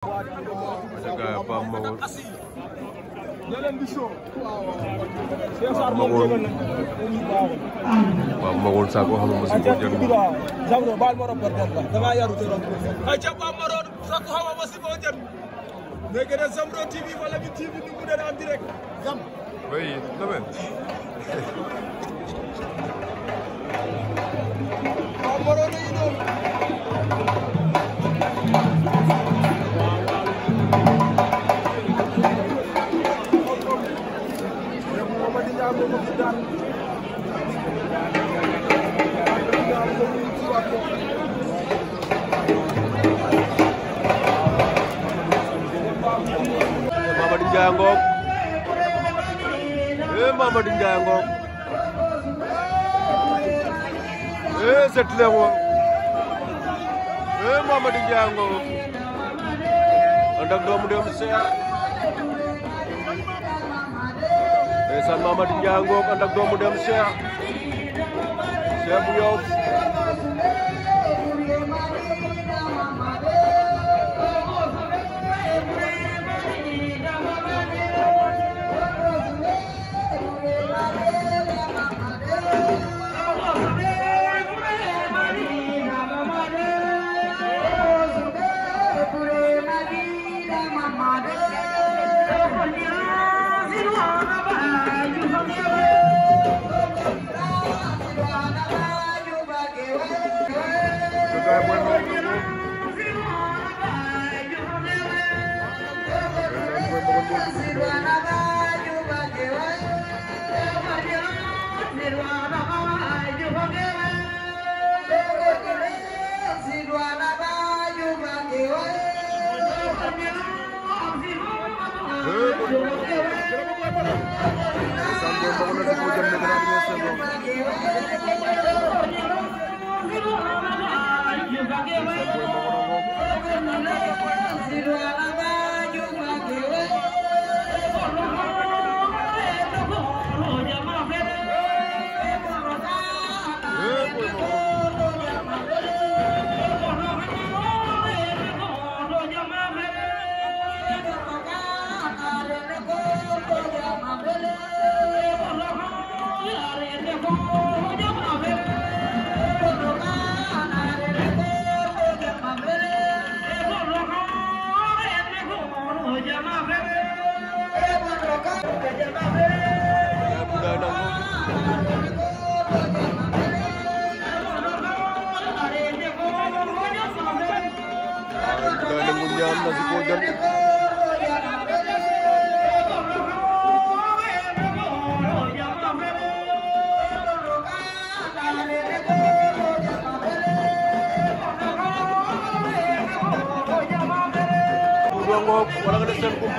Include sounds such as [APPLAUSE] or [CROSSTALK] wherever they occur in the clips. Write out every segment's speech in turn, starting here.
daga Pape Makhol Pape Makhol Pape Makhol Sakho xam nga si boo jënd ayca Pape Makhol Sakho xam nga si boo jënd léegi nag Zambro TV wala bi TV bi mu dana am direct jam oui demain Pape Makhol Ndiaye ngoog eh Mamadou Ndiaye ngoog eh Zet Lengo eh Mamadou Ndiaye ngoog ànd ak doomu dem Cheikh ndeysaan Mamadou Ndiaye ngoog ànd ak doomu dem Cheikh Cheikh bu Yoff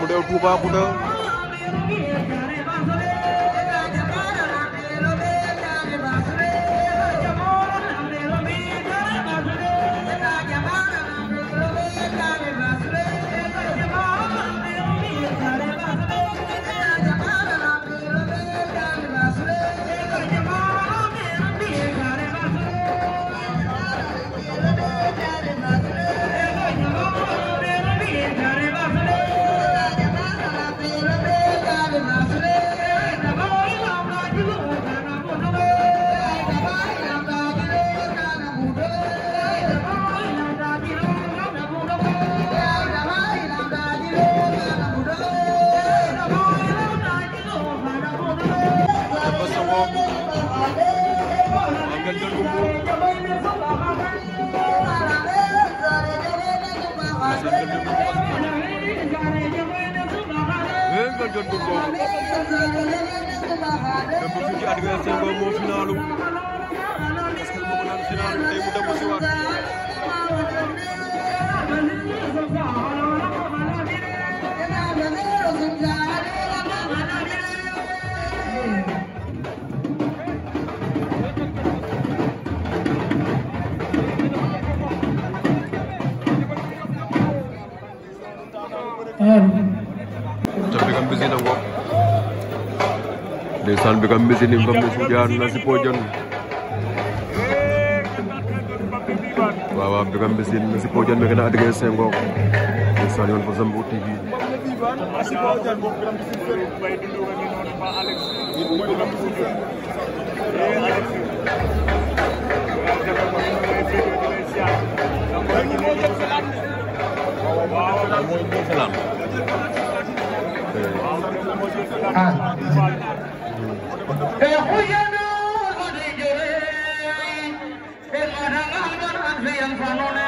mu deew Toubacouta ndeysaan bi kam mbisini kam mbisu jaan na si pojan waaw waaw bi kam mbisin na si pojan meke na adrien senghor ndeysaan yoon fo Zambro TV ah से अल्फाजों ने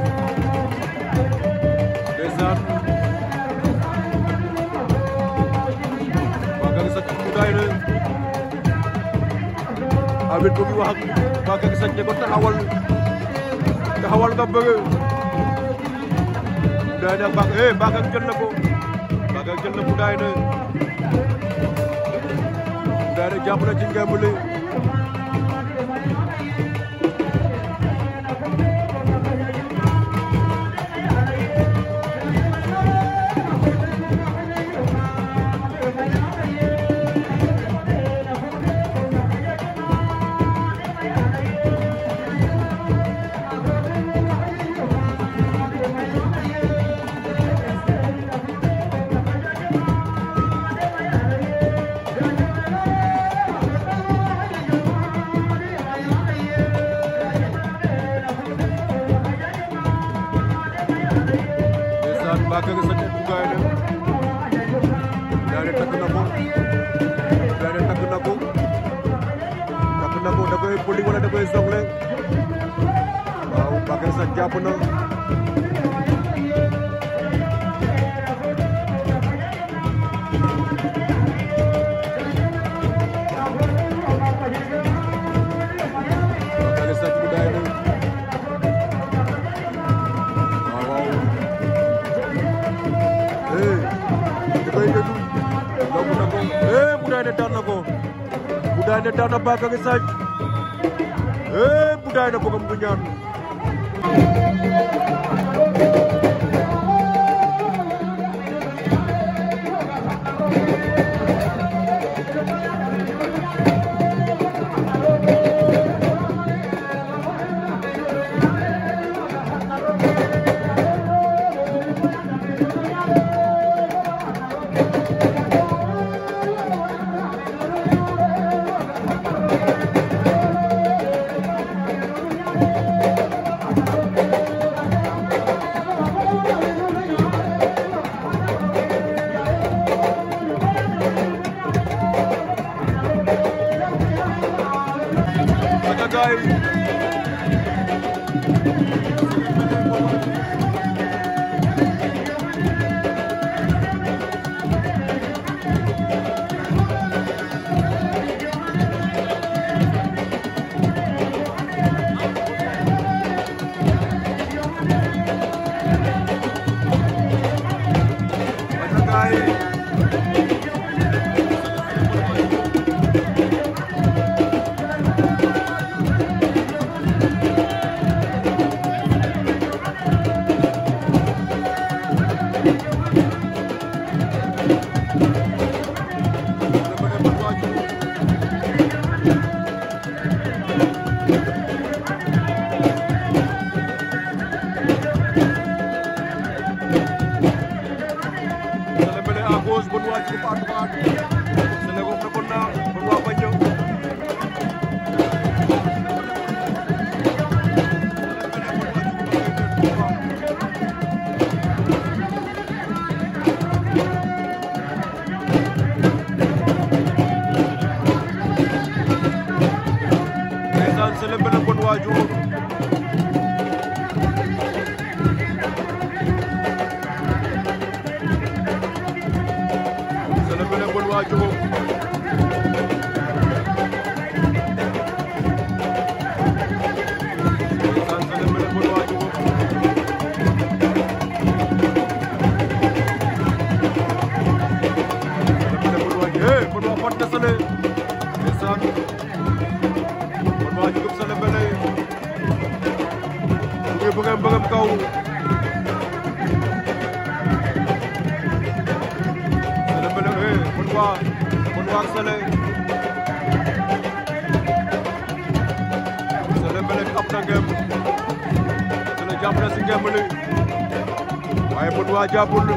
Habib mu ngi wax ak waa Kër Sañ ne ko taxawal taxawal nga bëgg day na bak eh bak ak jël na ko bak ak jël na ko day na day na jàpp na ci ngemb Kër Sëñ bu Gaynde Gaynde takk na ko Gaynde takk na ko takk na ko da koy poli wala da koy soxle waaw Bakary Sane jàpp na gaynde daw na baaka ngi saaj ee eh, bu gaynde bëggam bu ñaan Bye. 30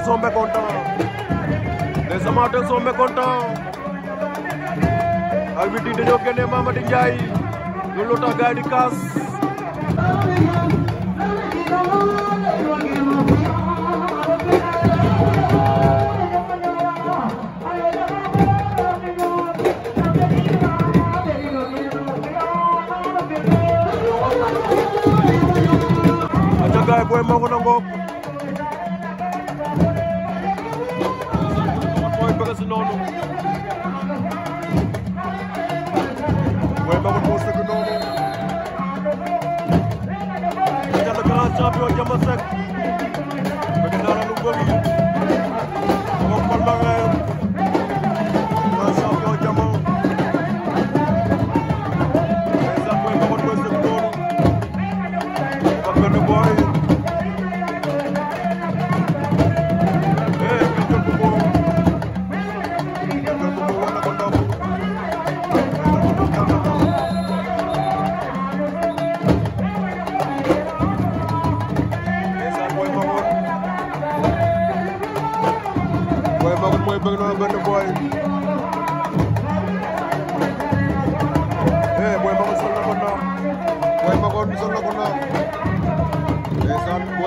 Amateurs sont mécontents. Les amateurs sont mécontents. arbitre yi dañoo génne Mamady Ndiaye loolu loo Mango nga si noonu mooy Mamadou moo sëgg noonu. di nga le grand champion Diama Seck.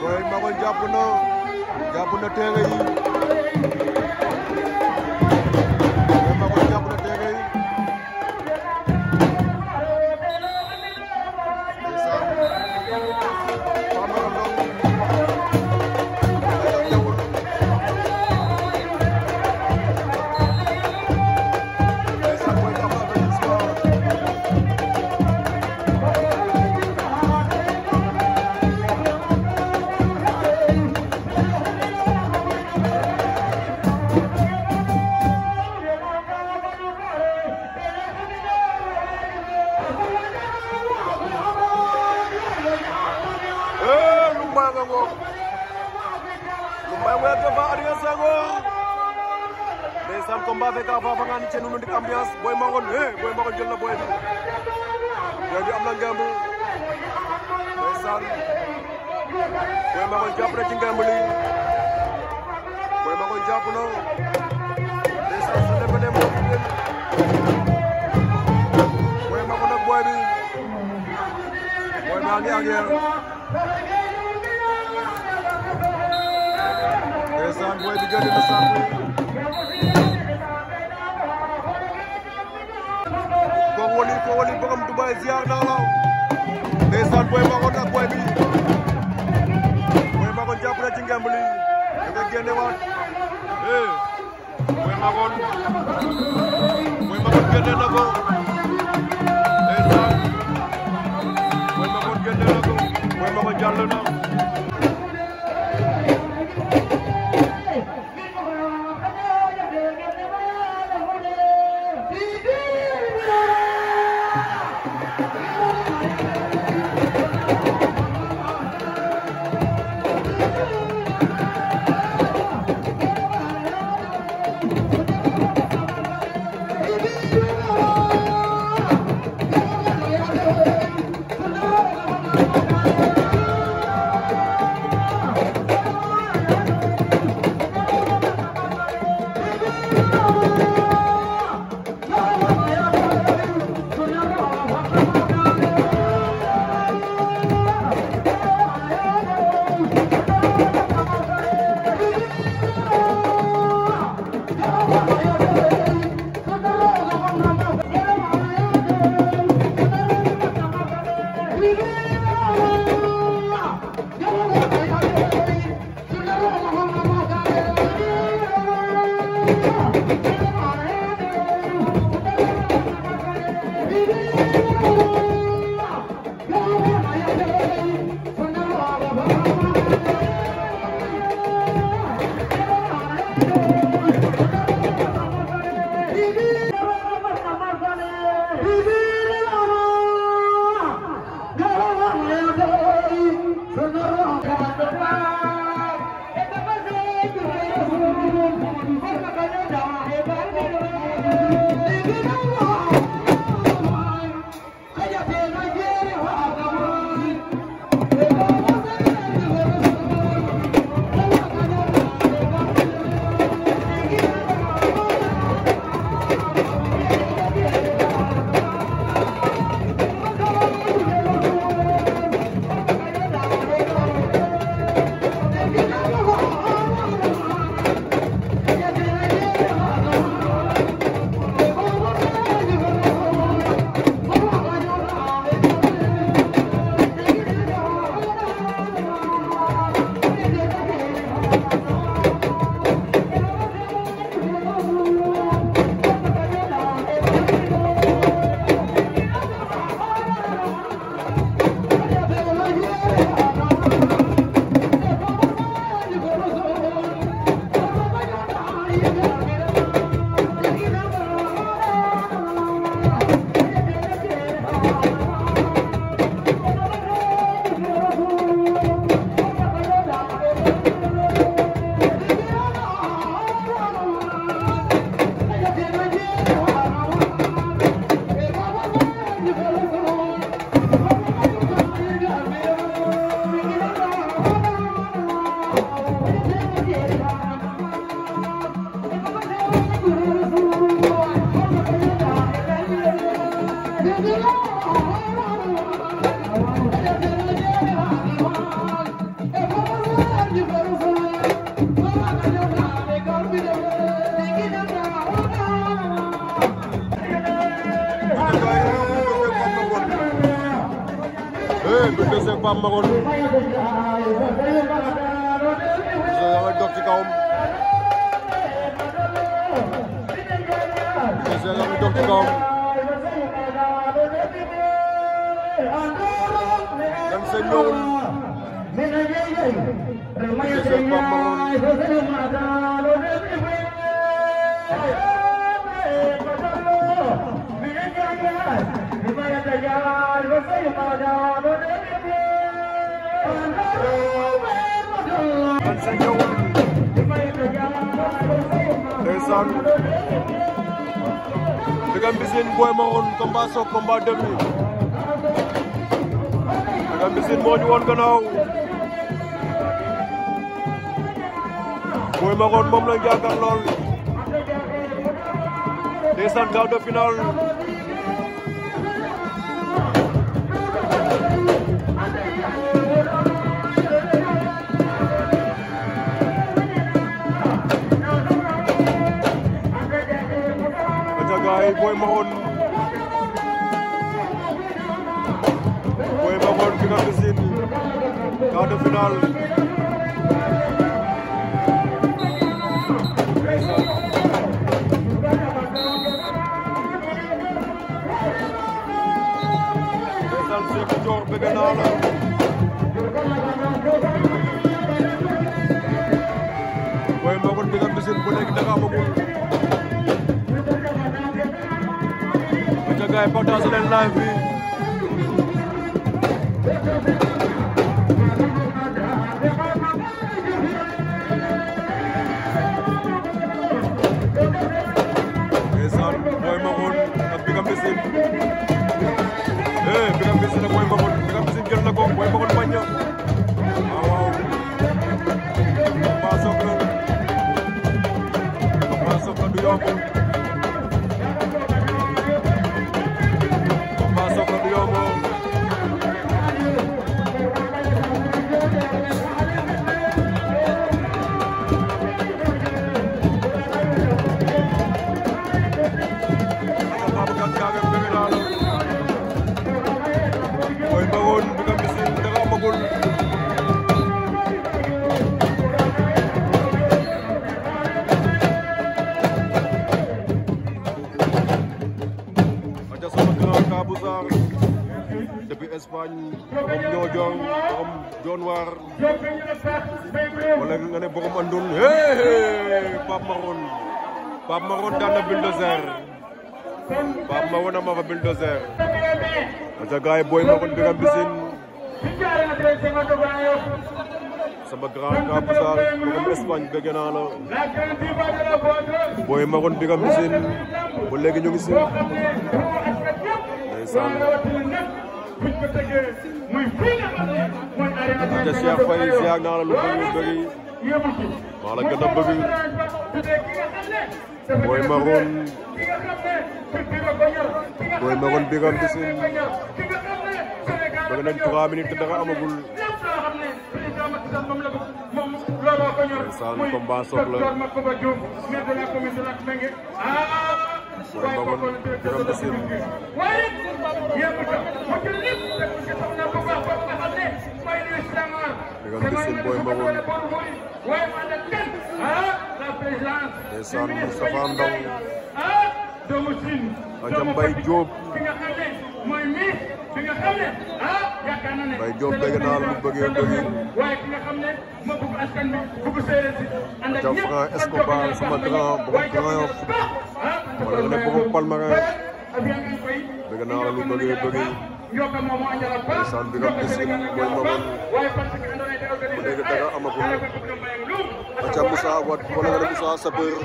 Boy Makhol jàpp na jàpp na teere yi Makoy jàpp na ci ngemb li Boy Makoy jàpp na ndeysaan su defe ne moom Boy Makoy nag booy bi booy maa ngi ak yéen ndeysaan booy bi jëli na sànq Thank you. Thank [LAUGHS] you. ndeysaan Birame Mbissine Boy Maone combat soog combat demi Birame Mbissine moo ñu woon moom lañ jàkkaar lool ndeysaan quart de finale Boy Makhone Boy Makhone ki nga gis nii quart de finale gars yi partage leen live bi ndeysaan Boy Makhone ak Bigam Mbissine eh Bigam Mbissine ak Boy Makhone Bigam Mbissine jël na ko Boy Makhone bañ na waaw waaw Papa Sokhla Papa Sokhla du yomb doon waar wala nga ne borom andun hey Pape Maron Pape Maron daan na bulldozer Pape Maron a mafa bulldozer aca gaay boy Maron biram bisin sama grand ka Poussar borom Espagne bëgg naa la boy Maron biram bisin ba léegi ñu ngi si ndeysaan muy fii nga xam ne mooy arena bi. Aja Cheikh Faye ziar naa la lu bëri maa la gën a bëgg. Boy Maroon. Boy Maroon Biram Mbissine. bëgg nañ 3 minutes dara amagul. Sane combat soxla. borom ba woon borom ba siiru diggante seen booy ba woon ndeysaan Moustapha Ndaw Ajambay ah, Diop fi nga xam ne ah yaakaar na ne. waaye Diop bëgg naa la bu bëggee bëggee. waaye fi nga xam ne ma bëgg askan bi bëgg séeréer si. ànd ak ñëpp ak Escobar sama grand borom grand yof. wala nga ne borom palmarin. bëgg naa la bu bëggee bëggee. ndeysaan bi nga gis mooy maman. mu nekk dara amagul. acca Moussa Wade wala nga ne Moussa Sapeur.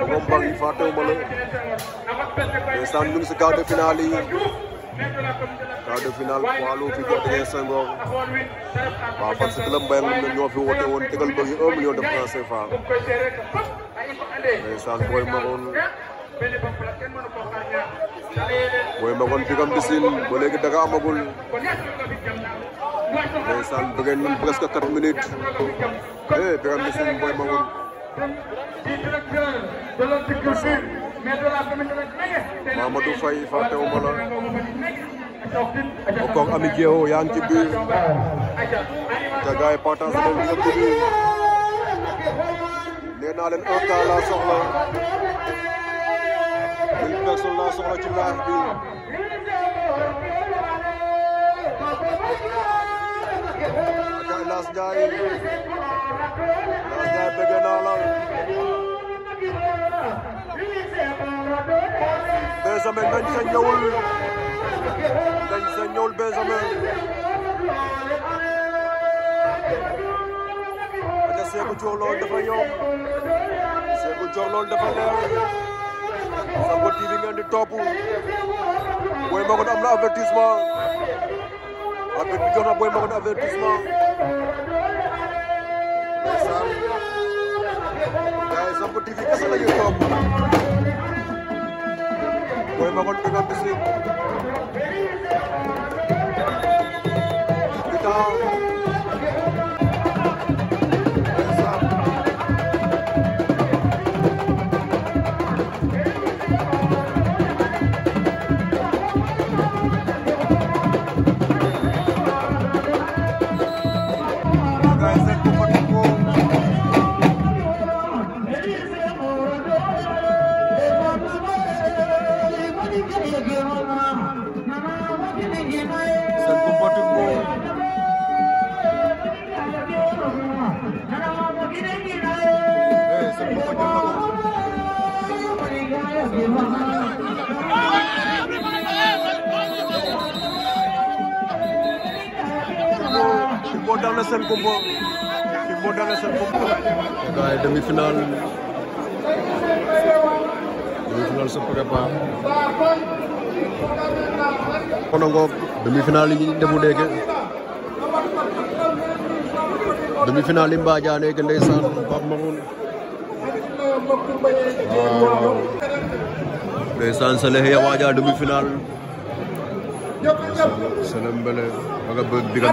borom bal yi fàttewuma la. ndeysaan ñu ngi si quart de finale yi. quart de finale poids lourd fii Fatou Seye Senghor waaw parce que la Mbayang ñu ñoo fi woote woon tegal bëgg 1 million de francs CFA. ndeysaan booy maroon booy maroon bi kam bisin ba léegi dara amagul. ndeysaan bëggee nañ presque 4 minutes eh bi kam bisin booy maroon. Mamadou Faye fàttewuma la encore Ami Guéo yaa ngi ci biir te gars yi partage boobu ñu ngi ci biir nee naa Benjamin dañ sa ñëwul dañ sa ñëwul Benjamin aka Sékou Dior loolu dafa ñëw Sékou Dior loolu dafa leer Sango TV ngeen di topp Boy Makoune am na avertissement abit bi jox na Boy Makoune avertissement ndeysaan gaay Sango TV kese la ñuy topp Boy Makhone Bébé Mbissine dana seen kumpo kii moo dana seen kumpo. gars yi demi-finale demi-finale se prépare. kono ngoog demi-finale yi ndemu deeke demi final yi mbaajaane ke ndeysaan Pape Maroun waaw seleh ya wajah demi final Sélé Mbélé aga bëgg digam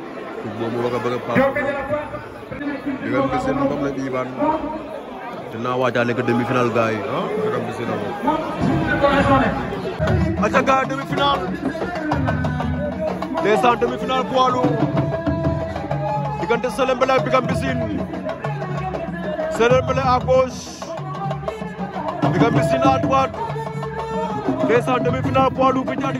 moom moo ko bëgg a paas diggante seen mbam la Iban dinaa waajaale ko demi final gars yi ah diggante seen mbam. acca gars demi final ndeysaan demi final poids lourd diggante Sélé Mbélé ak Birame Mbissine Sélé Mbélé à gauche Birame Mbissine à droite ndeysaan demi final poids lourd bi ñaari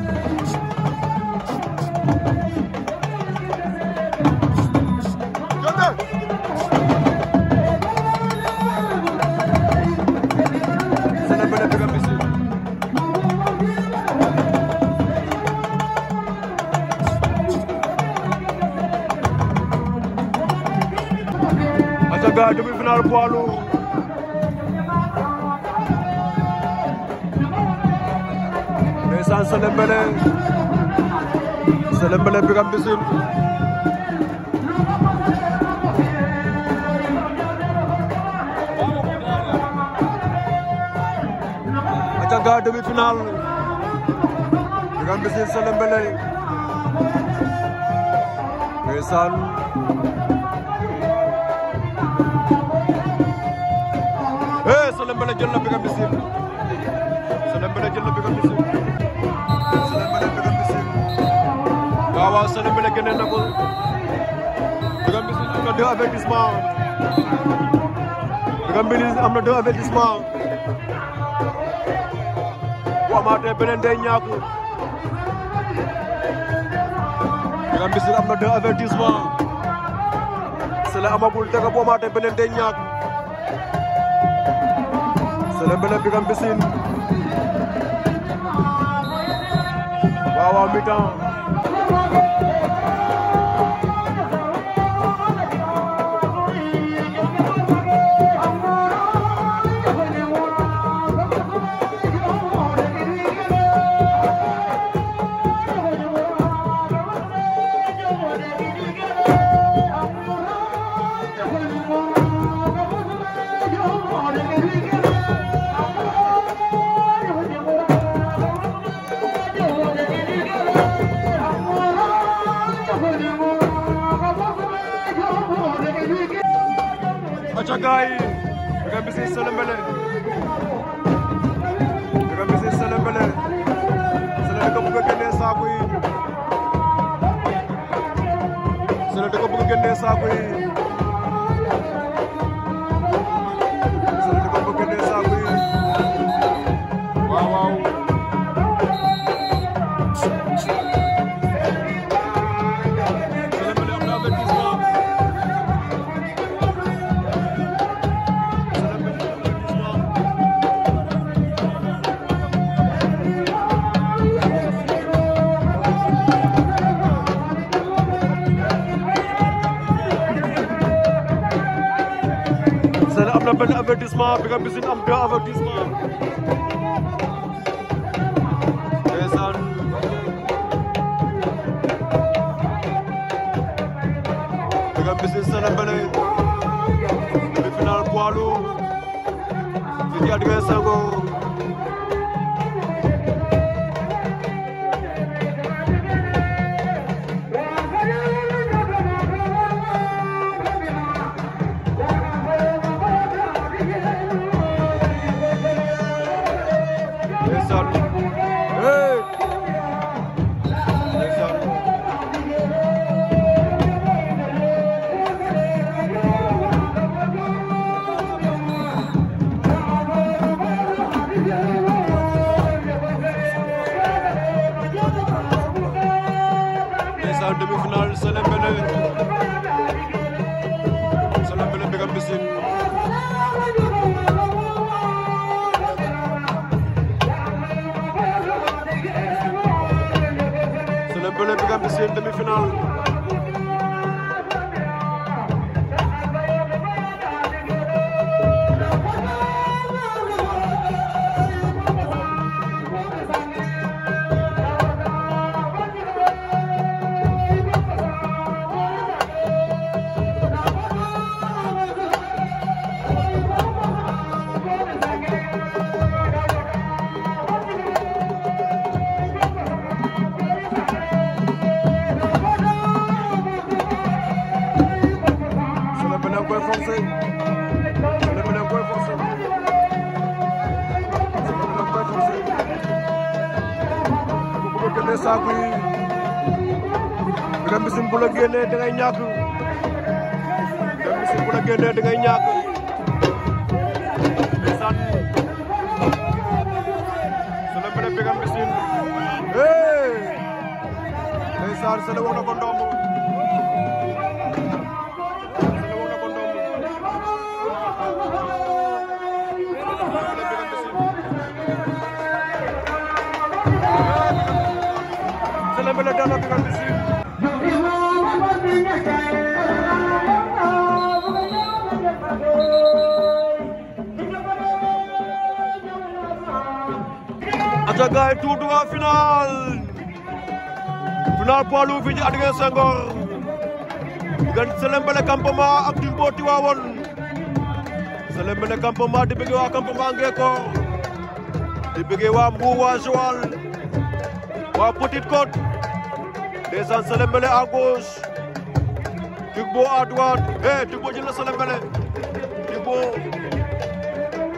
Baol poids lourd ndeysaan Sele Mbele Sele Mbele Biram Mbissine acaga demi-finale Biram Mbissine Sele Mbele ndeysaan jël na Biram Mbissine Sélé Mbélé jël na Biram Mbissine Sélé Mbélé Biram Mbissine waaw waaw Sélé Mbélé génne na ko Biram Mbissine am na deux avertissement Biram Mbissine am na deux avertissement bu amaatee beneen day ñàkk Biram Mbissine am na deux avertissement Sélé amagul dëgg bu amaatee beneen day ñàkk Selembele Birame Mbissine waaw waaw mi-temps Grand Business Sele Mbele Grand Business Sele Mbele Sele da ko bëgg a génnee yi Sele da ko bëgg a génnee yi Digga, wir sind am Berber diesmal. episode. génne saako yi Birame Mbissine bu la génnee da ngay ñàkk Birame Mbissine bu la génnee da ngay ñàkk ndeysaan su la bëree Birame Mbissine hey ndeysaan su la wax na ko ndox ولا دار Atagaye tour de la finale Final Palu Fiji fi ci Adrien Senghor diggante Selembele Kampama ak Dimbo Selain pada Kampama di bëggee waa Kampama Ngeko di bëggee waa Mbour waa Joal waa Petite Côte Ndeysaan Sele Mbele à gauche Dugbo à droite eh Dugbo jël na Sele Mbele Dugbo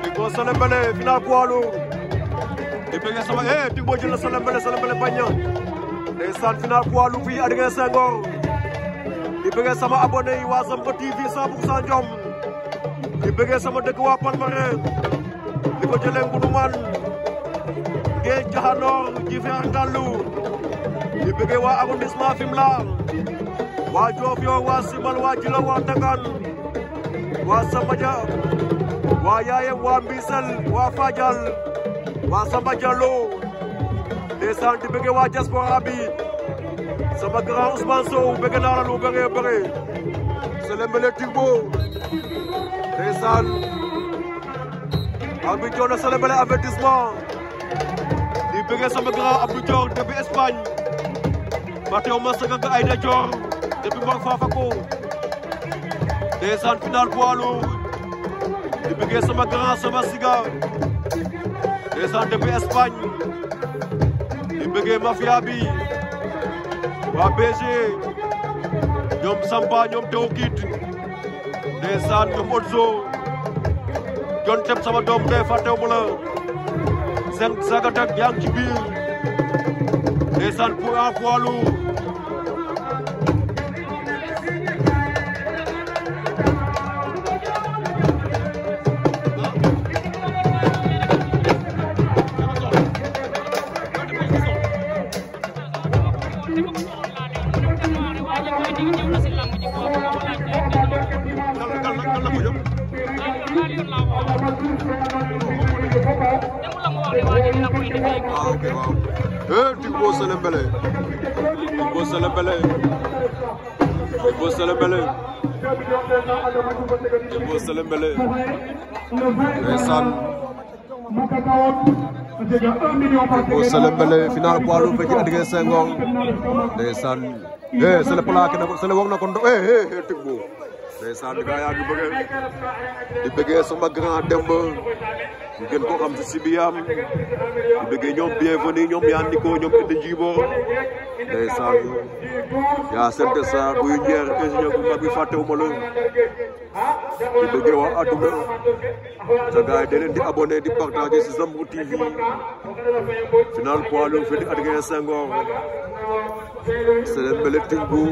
Dugbo Sele Wazam final poids Sabuk di bëgg sama eh Dugbo jël sama Dekuapan Mbele Sele sama Dekuapan final Dekuapan lourd fii Adrien Senghor di sama abonné sama ke TV 100% Dekuapan di sama dëkk waa Palmarin di ko jëlee Ngoudoumane Guèye Diakhar Ndor Djifer di bëggee waa arrondissement Fimela waa Diofior waa Simal waa Djilor waa Ndakan waa Samadia waa Yaayem waa Mbisel waa Fadial waa Samba Diallo di bëggee waa diaspora bi sama grand Ousmane Sow naa la lu bëree bëree Sëlëmbële Turbo ndeysaan arbitre jox na di bëggee sama grand Abdou Dior depuis Mathieu Massa Ganga Aïda Dior depuis Mbor Fafako ndeysaan final poids lourd di bëggee sama grand sama siga ndeysaan depuis Espagne di bëggee mafia bi waa BG ñoom Samba ñoom Tew Kit ndeysaan ñoom Odzo John Tep sama doom ndey fàttewuma la seen sagatak yaa ngi ndeysaan poids poids lourd Digbo Selembele Digbo Selembele Digbo Selembele Digbo Selembele ndeysaan Digbo Selembele final poids lourd fekk Adrien Senghor ndeysaan eh sele plaqué na ko sele wog na ko eh eh Digbo ndeysaan di gaa yaa ngi bëgg di bëggee sama grand Demba ñu gën koo xam ci Sibiam di bëggee ñoom bienvenue ñoom yaa niko ñoom itte njiiboo ndeysaan yaa sente sa buyu njeer ingénieur bu mag bi fàttewuma la di waa àdduna sa gars yi da leen di abonné di partagé ci Zambro TV final poids lourd fi di Adrien Senghor Sélène Bélé Tingou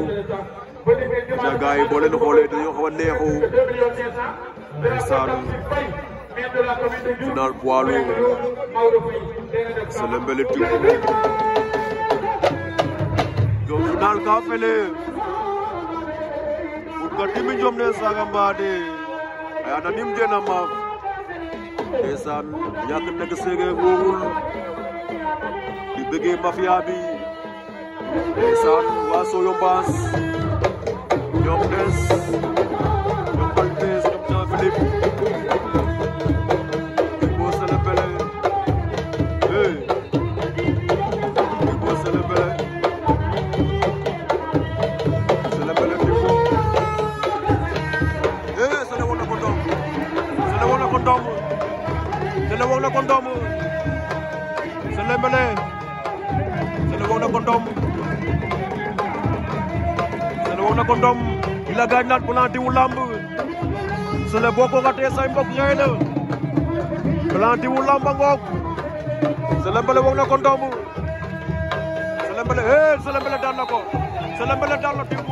sa gars yi boo leen xoolee dañoo xaw a neexu ndeysaan Finale poids lourd c'est le Mbeletoum jom final ka fele ukatimi jom ne saga mbaade aya nanim dena maaf ndeysaan ñàkk nekk séeréer wóorul di bëggee mafia bi ndeysaan waa Soyombaas ñoom des gaañ laat Plan Diw Lamb Sélé boo ko ratee say mbokk ñooy la Plan Diw Lamb ngoog na ko ndomb Sélé Mbélé hee Sélé daan na ko Sélé Mbélé daan na